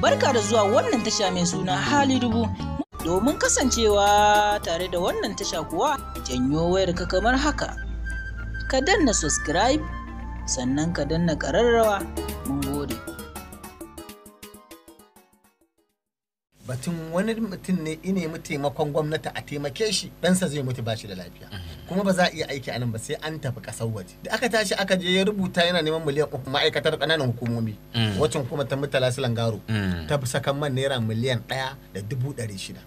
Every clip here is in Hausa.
Barka da zuwa wannan tasha mai suna hali dubu. Domin kasancewa tare da wannan tasha kuwa janyo wayar ka kamar haka. Ka danna subscribe sannan ka danna ƙararrawa batun wani mutum ne ine mu taimakon gwamnati a taimake shi ɗansa zai mutu bashi da lafiya mm-hmm. kuma ba za a iya aiki a nan ba sai an tafi ƙasar waje da aka tashi aka je ya rubuta yana neman miliyan uku ma'aikatar ƙananan hukumomi mm. wacin kuma ta mutala silangaro mm. ta sakan man naira miliyan ɗaya da dubu ɗari shida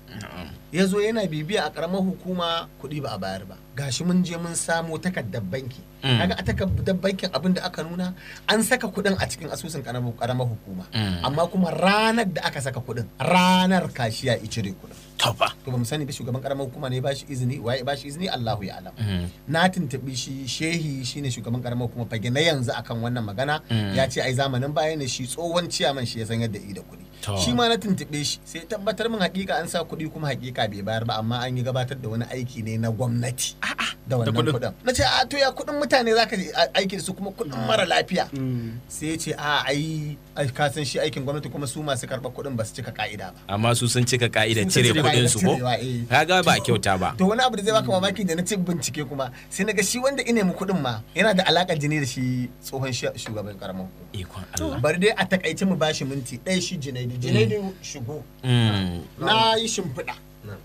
ya zo yana bibiya a ƙaramar hukuma kuɗi ba a bayar ba gashi mun je mun samo takardar banki Mm. kaga a takardar bankin abin da aka nuna an saka kuɗin a cikin asusun karamar hukuma mm. amma kuma ranar da aka saka kuɗin ranar kashiya i cire kuɗin to bamu sani ba shugaban karamar hukuma ne ba shi izini waye ba shi izini Allahu ya alam mm. na tuntubi shi shehi shine shugaban karamar hukuma fage na yanzu akan wannan magana ya ce ai zamanin baya ne shi tsohon ciyaman shi ya san yadda i da kuɗi shi ma na tuntube shi sai tabbatar min hakika an sa kuɗi kuma hakika bai bayar ba amma an yi gabatar da wani aiki ne na gwamnati a'a da wannan kuɗin na ce a to ya kuɗin mutane zaka aiki aikin su kuma kuɗin mara mm. lafiya mm. sai ce a ai ka san shi aikin gwamnati kuma su masu karɓar kuɗin ba su cika ka'ida ba amma su sun cika ka'ida cire kuɗin su ko eh. kaga ba kyauta ba to wani abu da zai baka mamaki da na ce bincike kuma sai na ga shi wanda ina mu kuɗin ma yana da alaka jini da shi tsohon shugaban karamar ikon Allah bari dai a takaice mu bashi minti ɗaya shi jinaidi jinaidi mm. shigo na yi shimfiɗa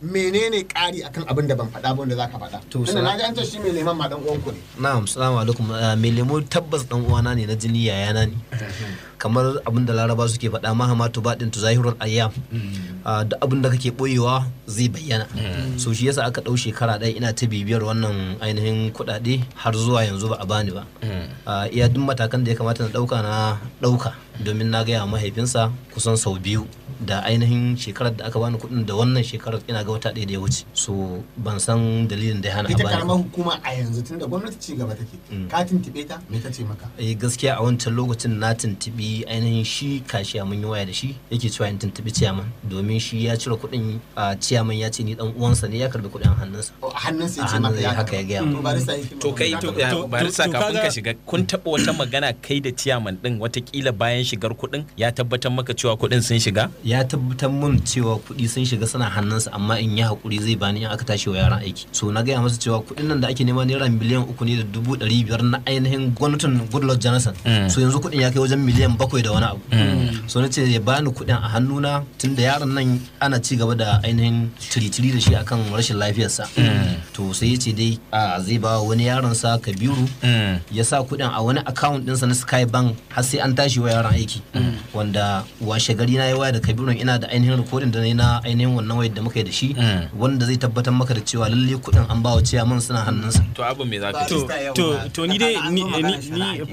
menene kari akan abin da ban faɗa ba wanda zaka faɗa to sai na ga an ce shi mai leman ma dan uwan ne na'am assalamu alaikum ah, mai lemo tabbas dan uwana ne na jini yayana ne kamar abin da laraba suke faɗa mahamatu baɗin tu zahirul ayyam mm. ah, da abin da kake boyewa zai bayyana mm. so shi yasa aka ɗau shekara ɗaya ina ta bibiyar wannan ainihin kuɗaɗe har zuwa yanzu ba a bani ba mm. ah, iya duk matakan da ya kamata na ɗauka na ɗauka domin na gaya mahaifinsa kusan sau biyu da ainihin shekarar da aka bani kuɗin da wannan shekarar ina ga wata ɗaya da ya wuce so ban san dalilin da ya hana ita karamar hukuma a yanzu tun da gwamnati ci gaba take ka tuntuɓe ta me ta ce maka eh, gaskiya a wancan lokacin na tuntuɓi shi ainihin shi kashiya mun yi waya da shi yake cewa in tuntubi ciyaman domin shi ya cire kuɗin ciyaman ya ce ni dan uwansa ne ya karbi kuɗin a hannunsa oh, hannunsa ya ce haka ya gaya to kai to kafin ka shiga kun taba wata magana kai da ciyaman din watakila bayan shigar kuɗin ya tabbatar maka cewa kuɗin sun shiga ya tabbatar mun cewa kuɗi sun shiga suna hannunsa amma in ya haƙuri zai bani in aka tashi wa yaran aiki so na gaya masa cewa kuɗin nan da ake nema naira miliyan uku ne da dubu ɗari biyar na ainihin gwamnatin goodluck jonathan mm. so yanzu kuɗin ya kai wajen miliyan bakwai da wani abu hmm. so na ce ya bani kuɗin a hannuna tun da yaron nan ana ci gaba da ainihin tiritiri da shi akan rashin lafiyarsa hmm. to sai ya ce dai a zai ba wani yaron sa kabiru hmm. ya sa kuɗin a wani account ɗinsa na sky bank har sai an tashi wa yaron aiki wanda washe gari na yi waya da kabiru ina da ainihin rikodin da na yi na ainihin wannan wayar da muka yi da shi wanda zai tabbatar maka da cewa lalle kuɗin an ba wa ciyaman suna hannunsa to abin me za ka to to ni dai ni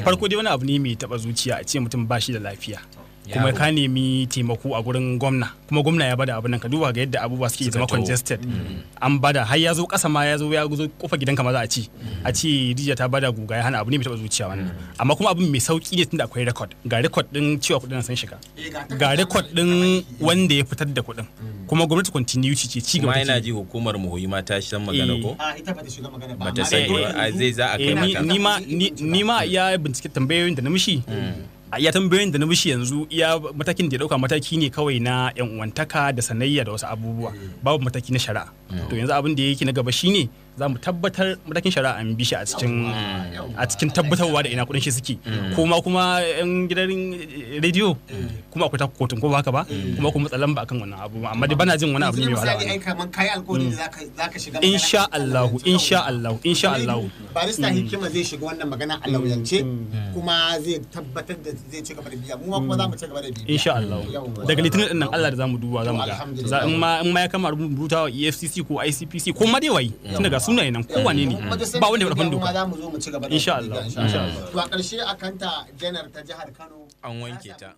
farko dai wani abu ne mai taba zuciya a ce mutum ba shi da lafiya kuma ka nemi taimako a gurin gwamna kuma gwamna ya bada abin nan ka duba ga yadda abubuwa suke zama congested mm. an bada har ya zo kasa ma ya zo ya zo kofa ka ma za a ci a mm. ci rijiya ta bada guga ya hana abu ne mai taba zuciya wannan mm. amma kuma abin mai sauki ne tunda akwai record ga record din cewa kudin sun shiga eh, ga record din wanda ya fitar da kudin kuma gwamnati continuity ce ci gaba ina ji hukumar muhoyi ma ta san magana ko eh. a ita ba ta shiga magana ba ba ta sani ba zai za a kai eh, ni ma ni ma ya bincike tambayoyin da na mishi ya tambayoyin da na mishi yanzu iya matakin da ya dauka mataki ne kawai na yan uwantaka da sanayya da wasu abubuwa babu mataki na shari'a mm. to yanzu abin da yake na gaba shine za mu tabbatar matakin shari'a an bi shi a cikin a cikin tabbatarwa da ina kudin shi suke ko mm. ma kuma yan gidan rediyo mm. kuma akwai taka kotun ko ba haka ba mm. kuma kuma matsalan ba akan wannan abu amma dai bana jin wani abu ne mai wahala insha Allah insha Allah insha Allah barista hikima zai shiga wannan magana a lauyance kuma zai tabbatar da zai ci gaba da biya mu kuma za mu ci gaba da biya insha Allah daga litinin din nan Allah da za mu duba za mu ga in ma ya kama rubutawa EFCC ko ICPC ko ma dai wai tun daga sunaye nan kowane ne ba wanda ya faɗa doka insha Allah to a ƙarshe janar ta jihar Kano an wanke ta